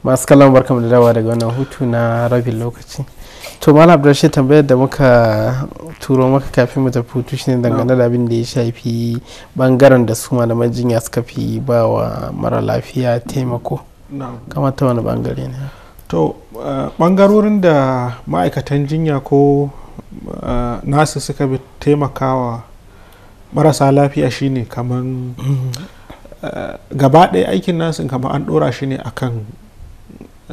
masu kallon barkamu da dawa daga wannan hutu na rabin lokaci to malam abdulrashid tambayar da muka turo maka kafin mu tafi hutu shine dangane da abin da ya shafi bangaren da su malaman jinya suka fi ba wa mara lafiya taimako kama ta wani bangare ne to bangarorin eh, da ma'aikatan jinya ko eh, nasu suka bi taimakawa marasa lafiya shine kamar mm-hmm. eh, gaba ɗaya aikin nasu kamar an ɗora shi ne akan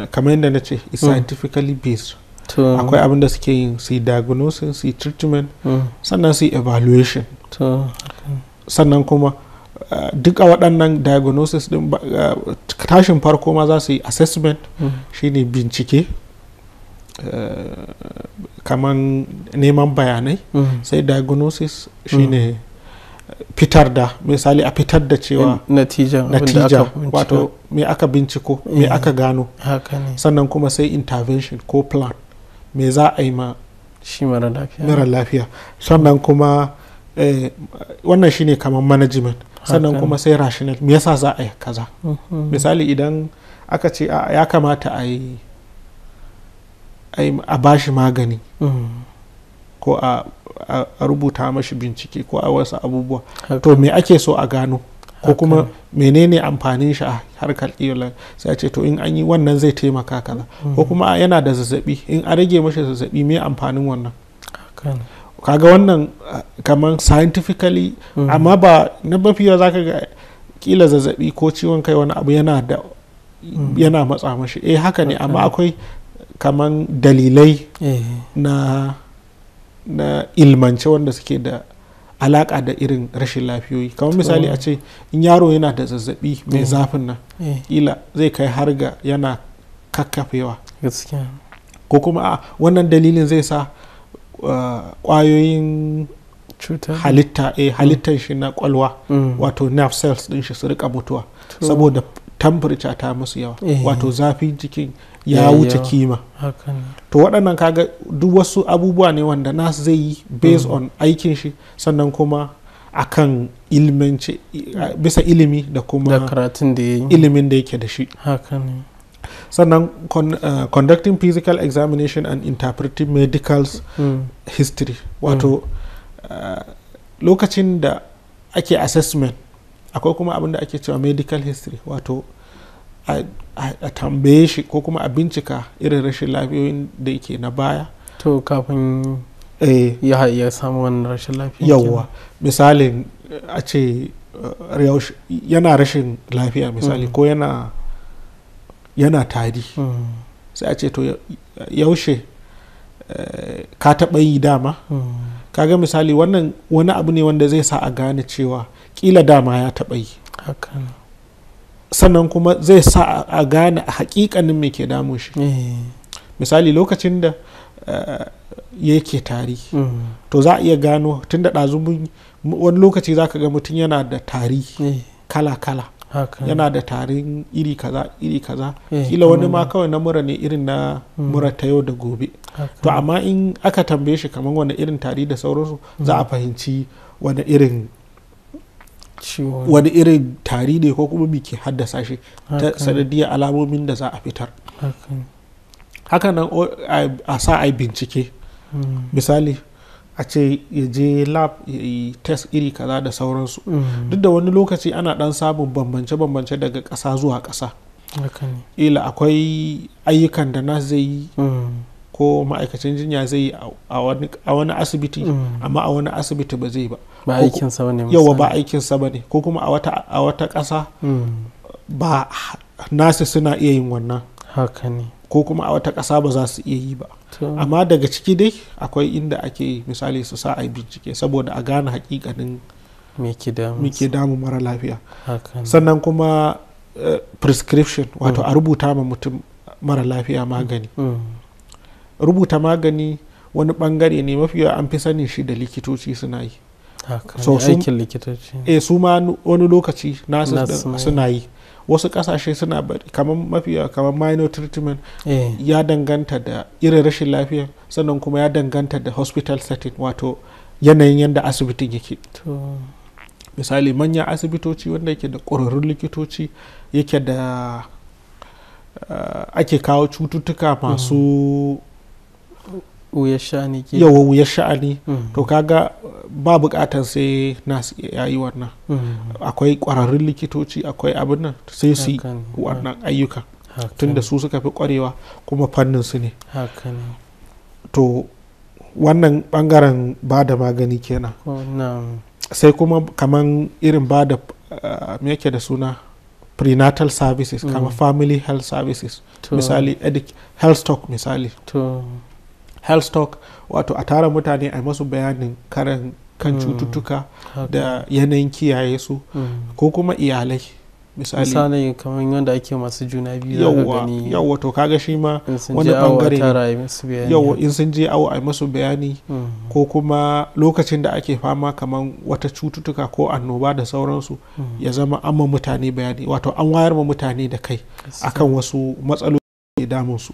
kamar yadda na ce is hmm. scientifically based akwai abin da suke yin su yi diagnosis su treatment hmm. sannan su evaluation sannan kuma uh, duk waɗannan diagnosis din uh, tashin farko ma za su yi assessment hmm. shine bincike uh, kamar neman bayanai sai diagnosis shine fitar da misali a fitar da cewa natija natija wato me aka binciko me eh, aka gano sannan kuma sai intervention ko plan me za a yi ma shi mara lafiya sannan kuma eh, wannan shine kamar management sannan kuma sai rational me yasa za a yi kaza mm-hmm. misali idan aka ce ya kamata a yi a bashi magani mm-hmm. ko a a rubuta mashi bincike ko a wasu abubuwa to me ake so a gano ko kuma menene amfanin shi a harkar kiwon sai ce to in an yi wannan zai taimaka kaza ko hmm. kuma yana da zazzabi in a rage mashi zazzabi me amfanin wannan kaga wannan kamar scientifically hmm. amma ba na mafiya za ka ga kila zazzabi ko ciwon kai wani abu yana da hmm. yana matsa mashi eh haka ne amma akwai kamar dalilai eh. na na ilmance wanda suke da alaƙa da irin rashin lafiyoyi kamar misali oh. a ce in yaro yana da zazzabi mai oh. zafin nan eh. ila zai kai har ga yana kakkafewa ko kuma a wannan dalilin zai sa kwayoyin uh, halitta a eh, halittar mm. shi na kwalwa mm. wato nerve cells din shi su rika mutuwa saboda temperature ta musu yawa eh. wato zafin jikin ya wuce kima to waɗannan kaga duk wasu abubuwa ne wanda nas zai yi based mm. on aikin shi sannan kuma akan ilmance bisa ilimi da kuma da ilimin da yake da shi sannan eh, conducting physical examination and interpreting medical mm. history wato mm. eh, lokacin da ake assessment akwai kuma abin da ake cewa medical history wato a tambaye shi ko kuma a bincika irin rashin lafiyoyin da yake na baya to kafin eh. ya ya samu wannan rashin lafiya yawwa misalin eh, a ce eh, yana rashin lafiya misali mm. ko yana yana tari mm. sai a ce to yaushe ka taɓa yi dama mm. kaga misali wannan wani abu ne wanda zai sa a gane cewa kila dama ya taɓa yi sannan kuma zai sa a gane a hakikanin me ke damun shi eh. misali lokacin da eh, yake tari mm. to za a iya gano tun da ɗazu wani lokaci za ka ga mutum yana da tari eh. kala-kala yana da tarin iri kaza iri kaza kila wani ma kawai na mura ne irin na mm. mura ta yau da gobe to amma in aka tambaye shi kamar wani irin tari da sauransu za a mm. fahimci wani irin wani irin tari ne ko kuma ke haddasa shi ta sanadiyar alamomin da za a fitar hakanan a sa a bincike hmm. misali a ce ya je lab ya yi test iri kaza da sauransu hmm. duk da wani lokaci ana dan samun bambance-bambance daga ƙasa zuwa ƙasa ila akwai ayyukan da na zai yi hmm. ko ma'aikacin jinya zai yi a wani asibiti amma a wani asibiti ba zai ba ba aikin bane yawa ba aikin sa bane ko kuma a wata a wata kasa. Hmm. ba nasu suna iya yin wannan haka ne ko kuma a wata kasa ba za su iya yi ba amma daga ciki dai akwai inda ake misali su sa a bincike saboda a gane hakikanin muke damu mara lafiya sannan kuma eh, prescription hmm. wato a rubuta ma mutum mara lafiya magani hmm. rubuta magani wani bangare ne mafi yawa an fi sanin shi da likitoci suna yi so aikin likitoci eh su ma wani lokaci nasu suna yi wasu kasashe suna kamar mafi kamar minor treatment eh. ya danganta da irin rashin lafiya sannan kuma ya danganta da hospital setting wato yanayin yadda asibitin yake misali manyan asibitoci wanda yake da ƙwararrun likitoci yake da eh, ake kawo cututtuka mm. masu wuyar sha'ani yawa wuyar sha'ani mm. to kaga ba bukatar sai nas ya yi wannan mm-hmm. akwai kwararrun likitoci akwai abin nan sai su wannan ayyuka tunda su suka fi kwarewa kuma fannin su ne to wannan bangaren ba da magani kenan sai kuma kaman irin ba da ah, yake da suna prenatal services kama mm. family health services misali health stock misali health talk wato a tara mutane a masu bayanin karan kan hmm. cututtuka da yanayin kiyaye su hmm. ko kuma iyalai misali kamar yadda ake masu juna biyu yawwa yawwa to kaga shi ma wani bangare yawwa in sun je awo a masu bayani hmm. ko kuma lokacin da ake fama kamar wata cututtuka ko annoba da sauransu ya zama an ma mutane bayani wato an wayar ma mutane da kai akan wasu matsaloli damun su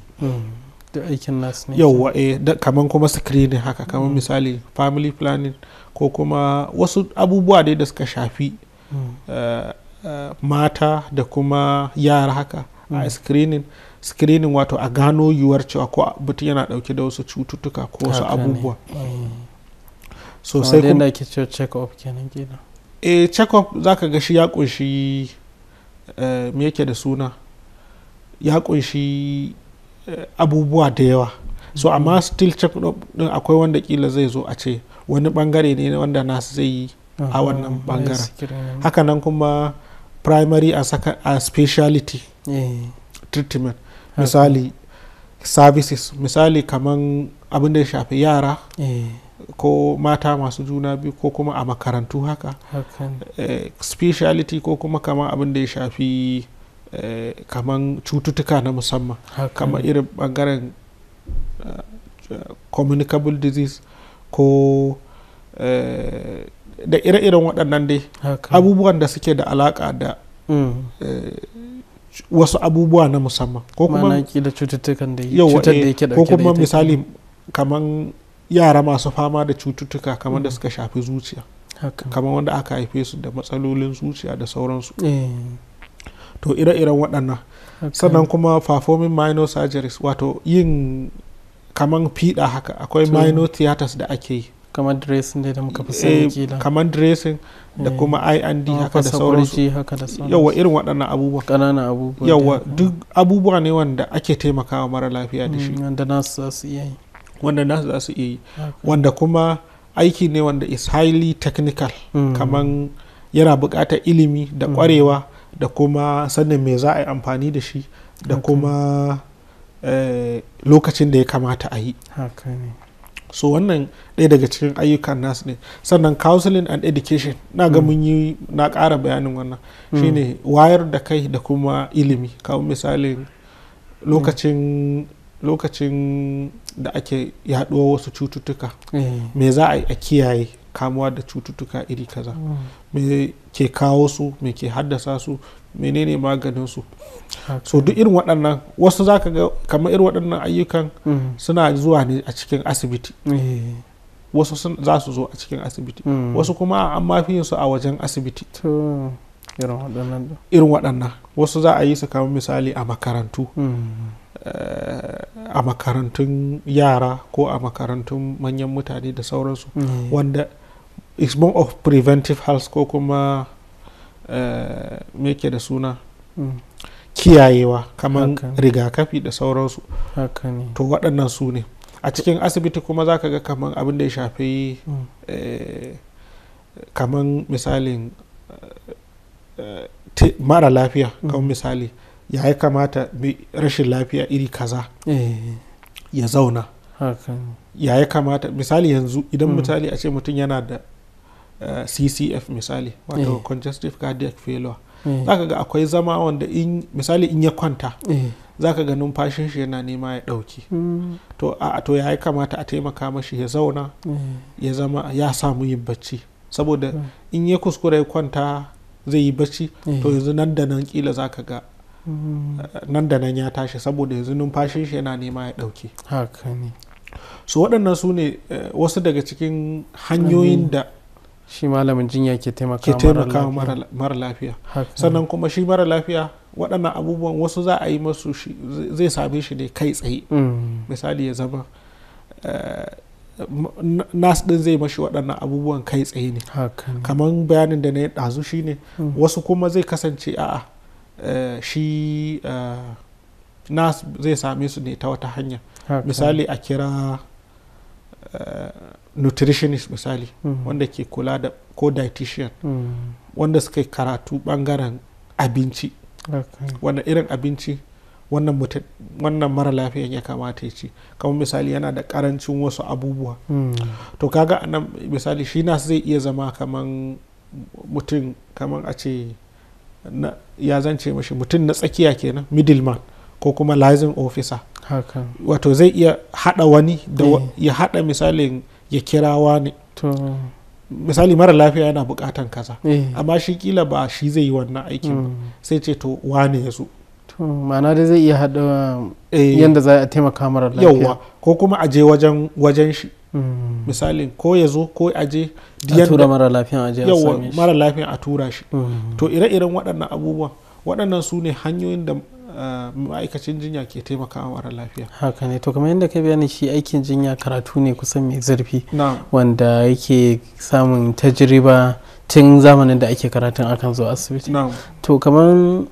da aikin nasu ne yauwa eh kamar kuma screening haka kamar mm. misali family planning ko kuma wasu abubuwa dai da suka shafi mm. eh, eh, mata da kuma yara haka a mm. screening screening wato a gano yiwuwar cewa ko mutum yana dauke da wasu cututtuka ko wasu abubuwa sosai kuma ake cewa check up kenan kenan eh check up zaka ga shi ya kunshi eh, me yake da suna ya kunshi abubuwa da yawa so amma still check din akwai wanda kila zai zo a ce wani bangare ne wanda nasu zai yi a wannan bangaren hakanan kuma primary a speciality eh. treatment misali services misali kaman abin da ya shafi yara eh. ko mata masu juna biyu ko kuma a makarantu haka eh, speciality ko kuma kamar abin da ya shafi Eh, kaman cututtuka na musamman kamar irin bangaren eh, communicable disease ko eh, da ire-iren waɗannan dai abubuwan da suke da alaƙa da mm. wasu abubuwa na musamman ko kuma da cututtukan da cutar da yake ko kuma misali kamar yara masu fama da cututtuka kamar da mm. suka shafi zuciya kamar wanda aka haife su da matsalolin zuciya da sauransu to ire-iren waɗannan sannan kuma performing minor surgeries wato yin kaman fiɗa haka akwai minor theaters da ake yi kaman dressing da muka fi sani eh, kila dressing da eh. kuma ind haka da sauransu yawa irin waɗannan abubuwa ƙanana abubuwa yawa duk abubuwa ne wanda ake taimakawa mara lafiya da shi mm, wanda nasu za su iya yi wanda nasu za su iya yi wanda kuma aiki ne wanda is highly technical mm. kaman yana buƙatar ilimi da ƙwarewa da kuma sanin me za a yi amfani da shi da kuma eh, lokacin da ya kamata a yi so wannan ɗaya daga cikin ayyukan nasu ne sannan counseling and education na ga hmm. mun yi na ƙara bayanin wannan hmm. shine wayar da kai da kuma ilimi kawo misalin hmm. lokacin lokacin da ake yaɗuwa wasu cututtuka eh. me za a yi a kiyaye kamuwa da cututtuka iri kaza mm. me ke kawo su me ke haddasa su menene maganin su so duk irin waɗannan wasu za ka ga kamar irin waɗannan ayyukan mm. suna zuwa ne a cikin asibiti eh. wasu za su zo a cikin asibiti mm. wasu kuma an mafi su a wajen asibiti irin waɗannan wasu za a yi su kamar misali a makarantu eh, a makarantun yara ko a makarantun manyan mutane da sauransu eh. wanda is more of preventive health ko kuma eh, me ke da suna mm. kiyayewa kamar rigakafi da sauransu to waɗannan su ne a cikin asibiti kuma za ka ga kamar abin da ya shafi mm. eh, kamar misalin eh, mara lafiya mm. kamar misali ya yi kamata rashin lafiya iri kaza ya zauna ya yi kamata misali yanzu idan mutane a ce mutum yana da Eh, ccf misali wato eh. congestive cardiac failure eh. zaka ga akwai zama wanda misali in ya kwanta zaka ga numfashin shi yana nema ya dauki mm. to a to ya kamata a taimaka mashi ya zauna ya zama ya samu yin bacci saboda mm. in ya kuskure kwanta zai yi bacci to yanzu nan da nan kila zaka ga mm. nan da nan ya tashi saboda yanzu numfashin shi yana nema ya dauki haka ne so waɗannan su ne wasu daga cikin hanyoyin da shi malamin jinya ke taimaka mara lafiya sannan kuma shi mara lafiya waɗannan abubuwan wasu za a yi masu zai same shi ne kai tsaye mm. misali ya zama eh, nas din zai mashi waɗannan abubuwan kai tsaye ne kamar bayanin da na yi ɗazu shi ne mm. wasu kuma zai kasance a eh, shi eh, nas zai same su ne ta wata hanya misali a kira nutritionist misali mm. wanda ke kula da ko dietitian mm. wanda suka yi karatu bangaren abinci wanda irin abinci wannan mara lafiyan ya kamata ya ci kamar misali yana da karancin wasu abubuwa mm. to kaga anan misali shi nasu zai iya zama kaman mutum kaman a ce ya zance mashi mutum na tsakiya kenan middleman ko kuma liaison officer wato zai iya hada wani da eh. ya hada misalin ya kira wani misali mara lafiya yana bukatan kaza eh. amma shi kila ba shi zai yi wannan aikin hmm. sai ce to wane ya zo ma'ana da zai iya haɗa eh. yadda za a taimaka mara lafiya yauwa ko kuma aje wajen wajen shi hmm. misali ko ya zo ko aje a tura mara lafiya aje a same shi mara lafiya a tura shi hmm. to ire-iren waɗannan abubuwan waɗannan su ne hanyoyin da Eh, ma'aikacin jinya ke taimakawa mara lafiya haka ne to kamar yadda ka bayani shi aikin jinya karatu ne kusan mai zurfi wanda yake samun tajiriba tun zamanin da ake karatun akan zuwa asibiti to kamar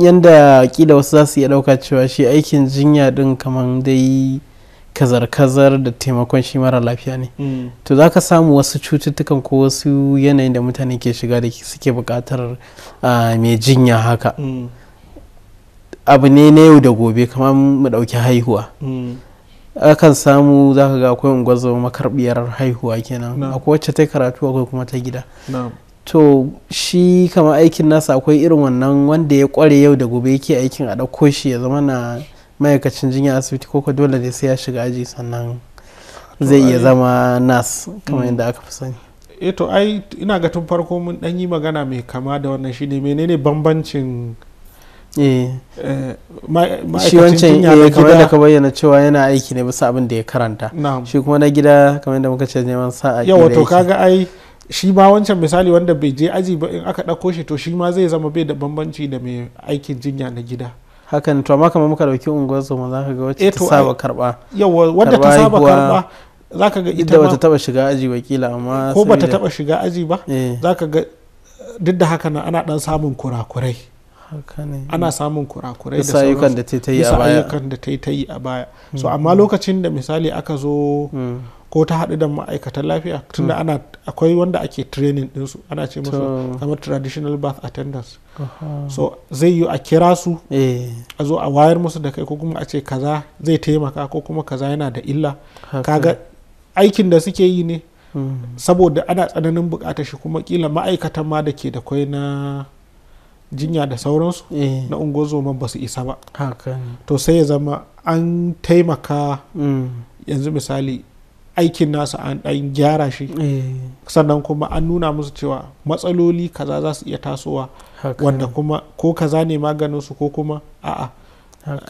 yadda kila wasu za su iya dauka cewa shi aikin jinya din kamar dai kazar-kazar da taimakon shi mara lafiya ne hmm. to za ka samu wasu cututtukan ko wasu yanayin da mutane ke shiga da suke bukatar ah, mai jinya haka hmm. abu ne na yau da gobe kamar mu ɗauki haihuwa mm. akan samu za ka ga akwai ungwazo makarbiyar haihuwa kenan akwai wacce ta karatu akwai kuma ta gida to shi kama aikin nasa akwai irin wannan wanda ya kware yau da gobe yake aikin a ɗauko shi ya zama na ma'aikacin jinya asibiti ko dole ne sai ya shiga aji sannan zai iya zama nas kamar mm. yadda aka fi sani eto eh ai ina ga tun farko mun ɗan yi magana mai kama da wannan shine menene bambancin Eh. Eh, shi wancan ya eh, kamar da ka bayyana cewa yana aiki ne bisa abin da ya karanta shi kuma na gida kamar da muka ce neman sa a yawa to kaga ai shi ma wancan misali wanda bai je aji ba in aka ɗauko shi to shi ma zai zama bai da bambanci da mai aikin jinya na gida hakan to amma kamar muka dauki unguwar zoma za ka ga wacce ta saba karba yawa wanda ta saba karba za ka ga ita ta taba shiga aji wakila amma ko ta taba shiga aji ba za ka ga duk da haka nan ana dan samun kurakurai ana samun kurakurai da sauran da ta yi a baya ta yi a baya so hmm. amma lokacin da misali aka zo hmm. ko ta haɗu da ma'aikatan lafiya tunda hmm. ana akwai wanda ake training ɗinsu ana ce musu kamar traditional birth attendance so zai yi a kira su eh. a zo a wayar musu da kai ko kuma a ce kaza zai taimaka ko kuma kaza yana da illa kaga aikin da suke yi ne saboda ana tsananin bukatar shi kuma kila ma'aikatan ma da ke da kwai na jinya da sauransu eh. na ungozoma ba su isa ba to sai ya zama an taimaka mm. yanzu misali aikin nasu an ɗan gyara shi eh. sannan kuma an nuna musu cewa matsaloli kaza za su iya tasowa wanda kuma ko kaza ne maganinsu ko kuma a'a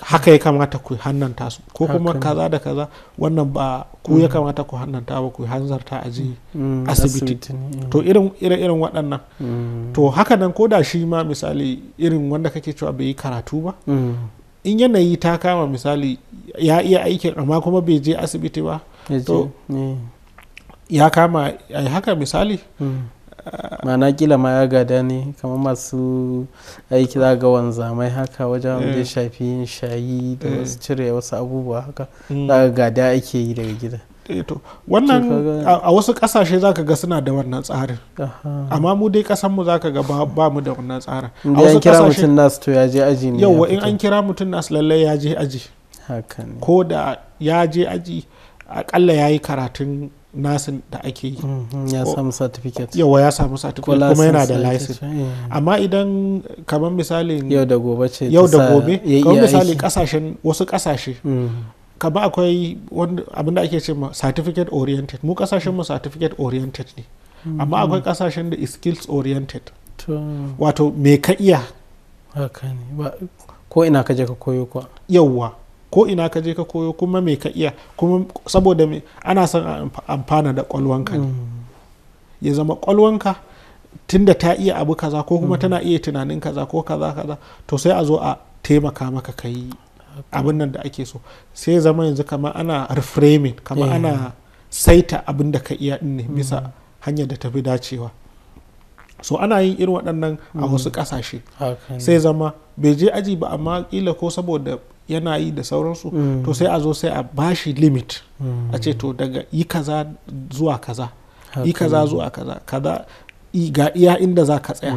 haka ya kamata ku hannanta su ko kuma kaza da kaza wannan ba ku ya mm. kamata ku hannanta ba ku hanzarta a je mm. asibiti to irin irin waɗannan to haka nan ko da shi ma misali irin wanda kake cewa bai yi karatu ba mm. in yanayi ta kama misali ya iya aikin amma kuma bai je asibiti ba to ya kama a haka misali mana mm. kila ma ya gada ne kamar masu aiki za ga wanzamai haka wajen da eh. shafi shayi da eh. wasu cire wasu abubuwa haka mm. za ga gada ake yi daga gida Eh, to wannan a wasu kasashe ka ga suna da wannan tsarin amma mu dai kasan mu ka ga ba mu da wannan tsarin a wasu kira mutum nasu to ya je aji ne yawa in an kira mutum nasu lalle ya je aji ko da ya je aji akalla ya yi karatun nasin da ake yi mhm, ya samu certificate yawa ya samu certificate kuma yana da license amma idan kamar misali yau da gobe ce yau da gobe kamar misali kasashen wasu kasashe mhm. kama akwai abin da ake ce ma certificate oriented mu kasashen mu certificate oriented ne amma hmm. akwai kasashen da skills oriented wato me ka iya ko ina ka je ka koyo kuwa yauwa ko ina ka je ka koyo kuma me ka iya kuma saboda me ana son amfana da kwalwanka ne hmm. ya zama kwalwanka tunda ta iya abu kaza ko kuma hmm. tana iya tunanin kaza ko kaza kaza to sai a zo a taimaka maka ka yi abin nan da ake so sai zama yanzu kama ana reframing kama eh. ana saita abin da ka iya din ne bisa mm. hanyar da tafi dacewa so ana yin irin waɗannan a mm. wasu ƙasashe sai zama bai je aji ba amma ƙila ko saboda yana yi da sauransu mm. to sai a zo sai a bashi limit mm. a ce to daga yi kaza zuwa kaza yi kaza zuwa kaza kaza ga iya inda za ka tsaya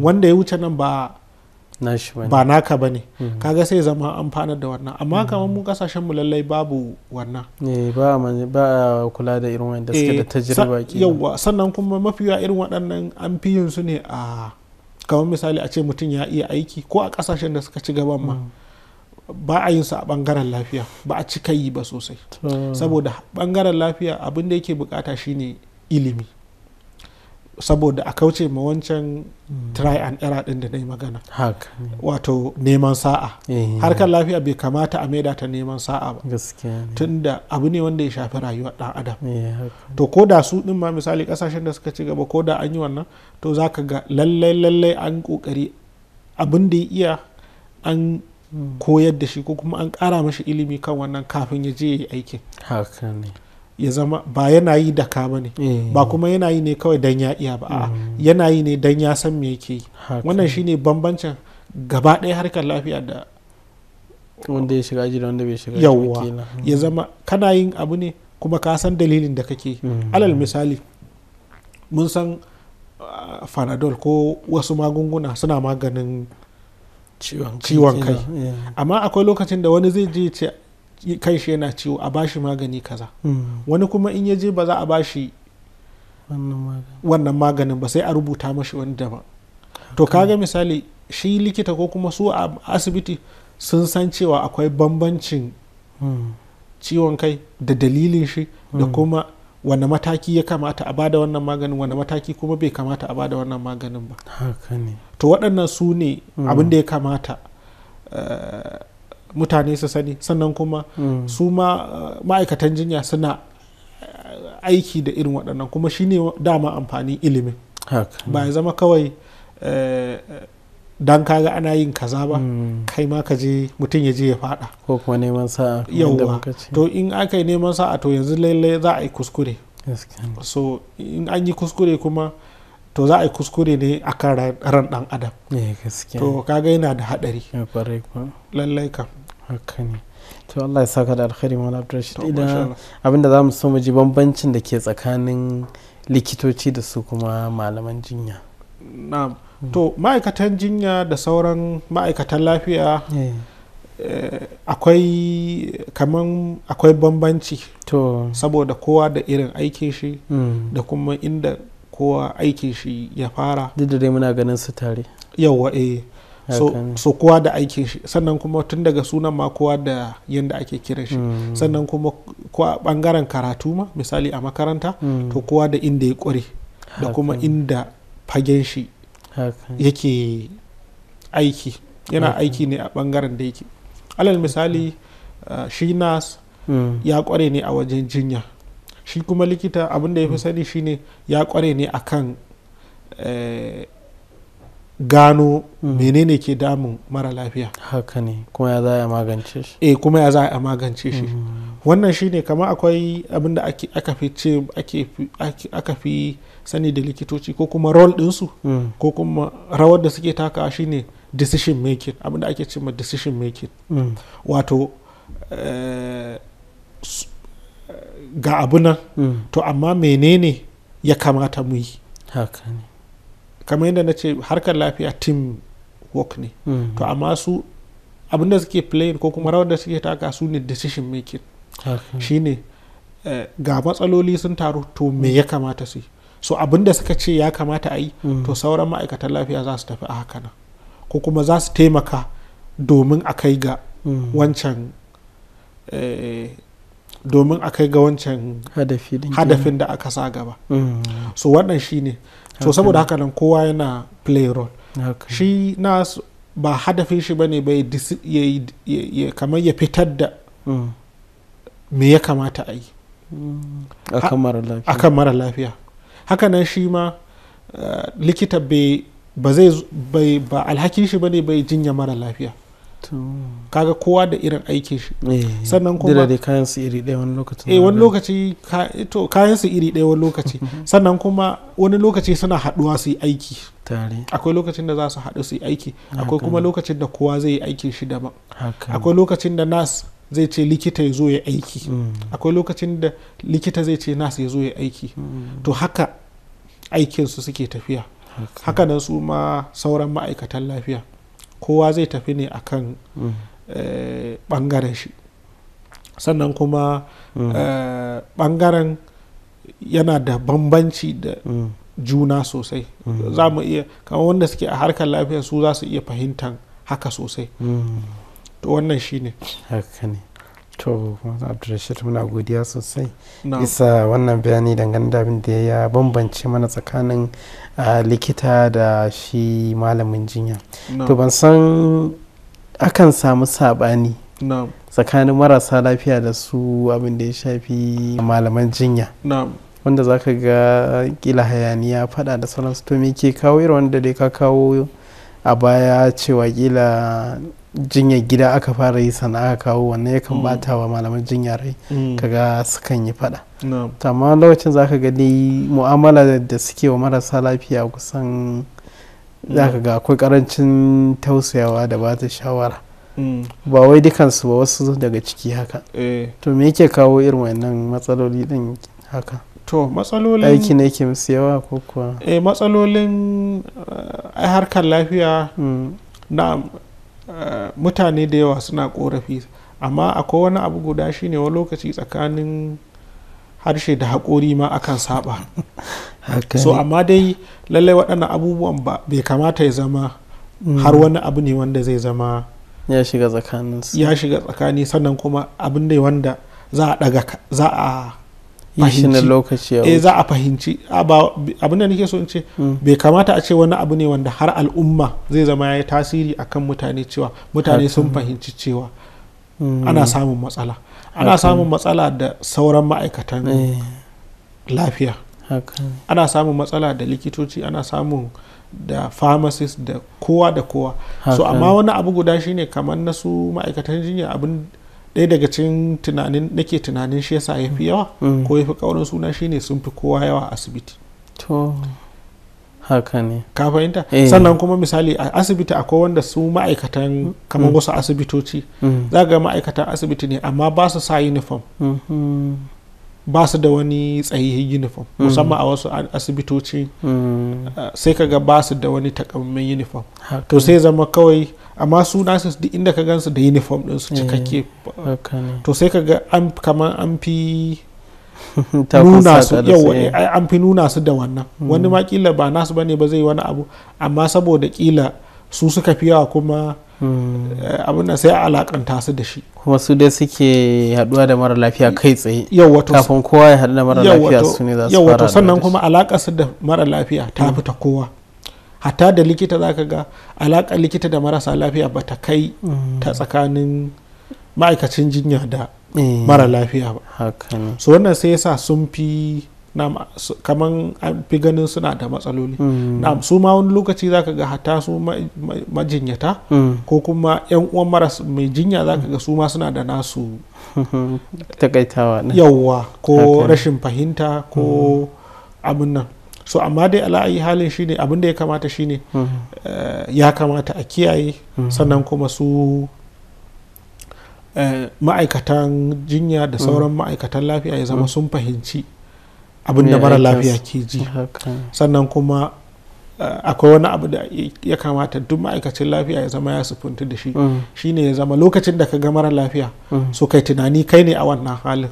wanda ya wuce nan ba ba naka ba ne mm-hmm. kaga sai zama amfanar da wannan amma mm-hmm. kamar mu kasashen mu lallai babu wannan eh, ba a kula da irin wanda suke eh, da ke yawa sannan kuma mafi yawa irin waɗannan an fi yin su ne a kamar misali a ce mutum ya iya aiki ko a kasashen da suka ci gaba ma mm. ba a yin su a bangaren lafiya ba a cika yi ba sosai saboda bangaren lafiya abin da yake bukata shine ilimi saboda a kauce ma wancan mm. try and error din da na yi magana wato neman sa'a eh. harkar lafiya bai kamata a maida ta neman sa'a ba tunda abu ne wanda ya shafi rayuwa dan adam eh, to ko da su din ma misali kasashen da suka ci gaba ko da an yi wannan to za ka ga lallai lallai an kokari abin da ya iya an mm. koyar da shi ko kuma an kara mashi ilimi kan wannan kafin ya je ya yi aikin ya zama ba yana yi da ka bane eh. ba kuma yana yi ne kawai dan ya iya ba mm. yana yi ne dan ya san me yake yi wannan shine bambancin gaba ɗaya harkar lafiya da wanda ya shiga jira wanda bai shiga yawwa mm. ya zama kana yin abu ne kuma ka san dalilin da kake mm. alal misali mun san ah, fanadol ko wasu magunguna suna maganin ciwon kai eh. amma akwai lokacin da wani zai je ce kan shi yana ciwo a bashi magani kaza hmm. wani kuma in ya je ba za a bashi wannan maganin ba sai a rubuta mashi wani daban to kaga misali shi likita ko kuma su a asibiti sun san cewa akwai bambancin hmm. ciwon kai da dalilin shi da hmm. kuma wani mataki ya kamata a bada wannan maganin wani mataki kuma bai kamata a bada wannan maganin ba to waɗannan su ne abin da ya kamata eh, mutane su sani sannan kuma su ma uh, ma'aikatan jinya suna uh, aiki da irin waɗannan kuma shi ne dama amfani ilimin ba ya zama kawai uh, dan kaga ana yin kaza ba hmm. kai ma ka je mutum ya je ya fada ko kuma neman sa'a yauwa to in aka yi neman sa'a to yanzu lalle za a yi kuskure so in an yi kuskure kuma to za a yi kuskure ne a kan ran dan adam eh, to kaga yana da hadari eh, lallai kam haka ne to Allah ya saka da alkhairi mana Abdurrashid idan abinda za mu so mu ji bambancin da ke tsakanin likitoci da su kuma malaman jinya na'am hmm. to ma'aikatan jinya da sauran ma'aikatan lafiya eh. Eh, akwai kaman akwai bambanci to saboda kowa da irin aikin shi hmm. da kuma inda kowa aikin shi ya fara duk da dai muna ganin su tare yauwa eh so kowa da aikin shi sannan kuma tun daga sunan ma kowa da yadda ake kiran shi mm. sannan kuma a bangaren karatu ma misali a makaranta mm. to kowa da inda ya kware da kuma inda fagen shi yake aiki yana aiki ne a bangaren da yake alal misali mm. uh, shi nas ya kware ne a wajen jinya shi kuma likita abin da ya fi sani shine ya kware ne kan eh, gano mm. menene ke damun mara lafiya haka ne kuma ya za a magance shi eh kuma ya za a magance shi mm. wannan shine kamar akwai abin da aka fi ce aka fi sani da likitoci ko kuma role ɗinsu su. Mm. ko kuma rawar da suke taka shine decision making abin da ake cewa decision making wato eh, eh, ga abu nan to amma menene ya kamata mu yi haka ne kamar yadda na ce harkar lafiya team work ne mm-hmm. to amma su abin da suke playing ko kuma rawar da suke taka su ne decision making shi ne eh, ga matsaloli sun taru to me ya kamata su yi so abin da suka ce ya kamata a yi mm-hmm. to sauran ma'aikatan lafiya za su tafi a haka nan ko kuma za su taimaka domin a kai ga mm-hmm. wancan eh, domin a kai ga wancan hadafin da aka sa gaba mm. so wannan shi ne so saboda haka nan kowa yana play role shi na ba hadafin shi ba ya kamar ya fitar da mm. me ya kamata a yi mm. a kan mara lafiya haka nan shi ma eh, likita ba alhakin shi ba ne bai jinya mara lafiya kaga kowa da irin aikin shi eh, sannan kuma da kayan su iri ɗaya wani lokaci eh wani lokaci to kayan su iri ɗaya wani lokaci sannan kuma wani lokaci suna haɗuwa su yi aiki tare akwai lokacin da za su haɗu su yi aiki akwai kuma lokacin da kowa zai yi aikin shi daban akwai lokacin da nas zai ce likita ya zo ya aiki mm. akwai lokacin da likita zai ce nas ya zo ya aiki mm. to haka aikinsu suke tafiya haka nan su ma sauran ma'aikatan lafiya kowa zai tafi ne akan bangaren mm. eh, shi sannan kuma bangaren mm. eh, yana da bambanci da mm. juna sosai za mu iya kamar wanda suke a harkar lafiya su za su iya fahimtar haka sosai to wannan shi ne to abdulrashid muna godiya sosai isa wannan bayani dangane da abin da ya bambance mana tsakanin likita da shi malamin jinya to ban san akan samu sabani tsakanin marasa lafiya da su abin da ya shafi malaman jinya wanda za ka ga kila hayaniya fada da sauransu to me ke kawo irin wanda dai ka kawo a baya cewa kila jinyar gida aka fara yi sana aka kawo ya yakan bata mm. wa malaman jinyar rai mm. kaga sukan yi fada amma lokacin za ka gani mu'amala da suke wa marasa lafiya kusan mm. za ka ga akwai karancin tausayawa da ba ta shawara ba wai dukansu ba wasu daga ciki haka eh. to me yake kawo irin wannan matsaloli din haka to matsalolin aiki ne ke musu yawa ko kuwa eh matsalolin eh, harkar lafiya na mutane da yawa suna korafi amma akwai wani abu guda shine wani lokaci tsakanin harshe da haƙori ma akan saba so amma dai lallai waɗannan abubuwan ba bai kamata ya zama mm. har wani abu ne wanda zai zama ya shiga tsakani sannan kuma abin ne wanda za a fahimci lokaci eh, za a fahimci abin da nake so in ce hmm. bai kamata a ce wani abu ne wanda har al'umma zai zama ya yi tasiri akan mutane cewa mutane sun fahimci cewa hmm. ana samun matsala ana samun matsala da sauran ma'aikatan eh. lafiya ana samun matsala da likitoci ana samun da pharmacist da kowa da kowa so amma wani abu guda shine kamar na su ma'aikatan jinya abin ɗaya daga cikin tunanin nake tunanin shi yasa ya fi yawa mm. Mm. ko ya fi ƙaunar suna shine sun fi kowa yawa asibiti to haka ne ka fahimta eh. sannan kuma misali a asibiti akwai wanda su ma'aikatan kamar mm. wasu asibitoci za ga ma'aikatan asibiti ne amma ba su sa uniform mm-hmm. ba su da wani tsayayyen uniform musamman a wasu asibitoci eh, sai kaga ba su da wani takamaiman uniform to sai zama kawai amma su nasu duk inda ka gansu da uniform din su eh, cikakke to sai ka ga an kamar an fi nuna su eh, an fi nuna su da wannan hmm. wani ma kila ba nasu bane ba zai wani abu amma saboda kila su suka fi yawa kuma hmm. eh, abin da sai a alakanta su da shi kuma su dai suke haduwa da mara lafiya kai tsaye kafin kowa ya haɗu da mara lafiya su ne za su fara sannan kuma alakar su da mara lafiya ta hmm. fi ta kowa hatta da likita za ka ga alaƙar likita da marasa lafiya ba ta kai ta mm. tsakanin ma'aikacin jinya da mm. mara lafiya ba so wannan sai yasa sun fi kaman an fi ganin suna da matsaloli mm. na'am su ma wani lokaci za ka ga hatta su majinyata ko kuma yan uwan maras mai jinya za ka ga su ma suna da nasu takaitawa yawwa ko rashin fahimta ko abin nan so amma dai ala'ayi halin shine abin da ya kamata shine hmm. eh, ya kamata a kiyaye hmm. sannan kuma su eh, ma'aikatan jinya da hmm. sauran ma'aikatan lafiya ya zama sun fahimci abin da mara lafiya ke ji sannan kuma eh, akwai wani abu da ya kamata duk ma'aikacin lafiya ya zama ya sufunta da shi shine ya zama lokacin da ka ga mara lafiya so kai tunani kai ne a wannan halin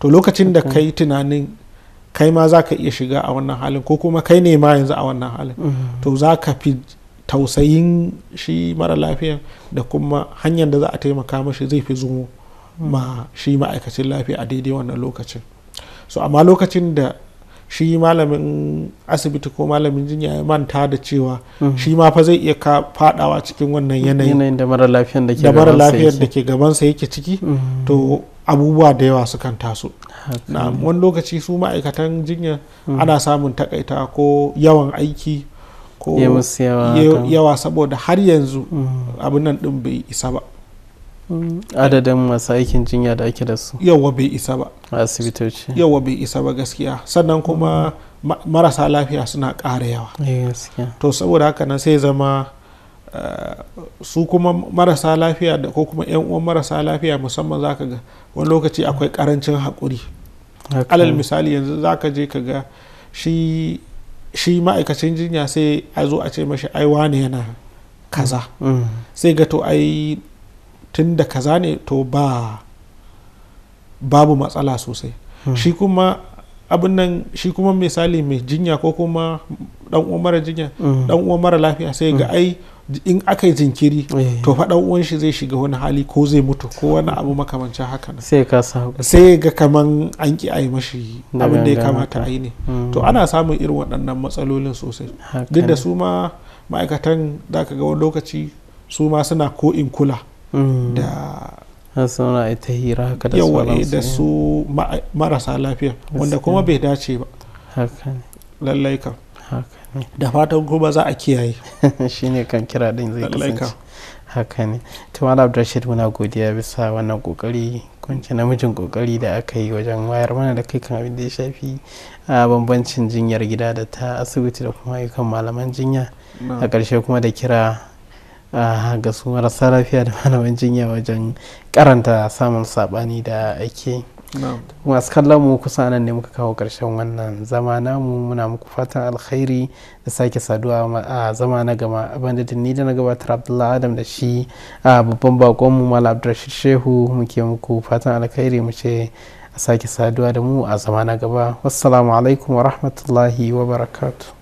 to lokacin da kai tunanin kai ma za ka iya shiga a wannan halin ko kuma kai ne ma yanzu a wannan halin mm-hmm. to za ka fi tausayin shi mara lafiyan da kuma hanyar da za a taimaka mashi zai fi zumo mm-hmm. ma shi ma'aikacin lafiya a daidai wannan lokacin so amma lokacin da shi malamin asibiti ko malamin jinya ya manta da cewa mm-hmm. shi ma fa zai iya fadawa cikin wannan yanayin da mara lafiyar da ke gabansa yake ciki to abubuwa da yawa sukan taso na wani lokaci su ma'aikatan jinya hmm. ana samun takaita ko yawan aiki ko yawa saboda har yanzu hmm. abin nan din bai isa ba hmm. adadin masu aikin jinya da ake da su yawa bai isa ba asibitoci yawa bai isa ba gaskiya sannan kuma marasa lafiya suna ƙara yawa eh, to saboda haka nan sai zama su kuma marasa lafiya da ko kuma yan uwan marasa lafiya musamman zaka ga wani lokaci akwai karancin haƙuri alal misali yanzu zaka je ka ga shi ma'aikacin jinya sai a zo a ce mashi ai wane yana kaza mm. sai ga to ai tun da kaza ne to ba babu matsala sosai mm. shi kuma abin nan shi kuma misali mai jinya ko kuma dan uwa mara jinya dan mm. uwa mara lafiya sai ga ai in aka yi jinkiri eh. to fa uwan shi zai shiga wani hali ko zai mutu ko wani abu makamancin haka sai ka sai ga kaman an ki ayi mashi abin da ya kamata a yi ne mm. to ana samun irin waɗannan matsalolin sosai duk da su ma ma'aikatan da ka ga wani lokaci su ma suna ko in kula mm. da suna ita hira haka da eh, da su eh. marasa lafiya wanda kuma bai dace ba lallai kam da fatan kuma za a kiyaye shi ne kan kira din zai kasance haka ne to malam abdulrashid muna godiya bisa wannan kokari kunci namijin kokari da aka yi wajen wayar mana da kai kan abin da ya shafi a bambancin jinyar gida da ta asibiti da kuma ayyukan malaman jinya a karshe kuma da kira ga su marasa lafiya da malaman jinya wajen karanta samun sabani da ake masu kallon mu kusa nan ne muka kawo ƙarshen wannan zama namu muna muku fatan alkhairi da sake saduwa a zama na gama abin ni da na gabatar abdullahi adam da shi a babban bakon mu mal abdurrashid shehu muke muku fatan alkhairi mu ce a sake saduwa da mu a zama na gaba wassalamu alaikum wa rahmatullahi wa barakatu.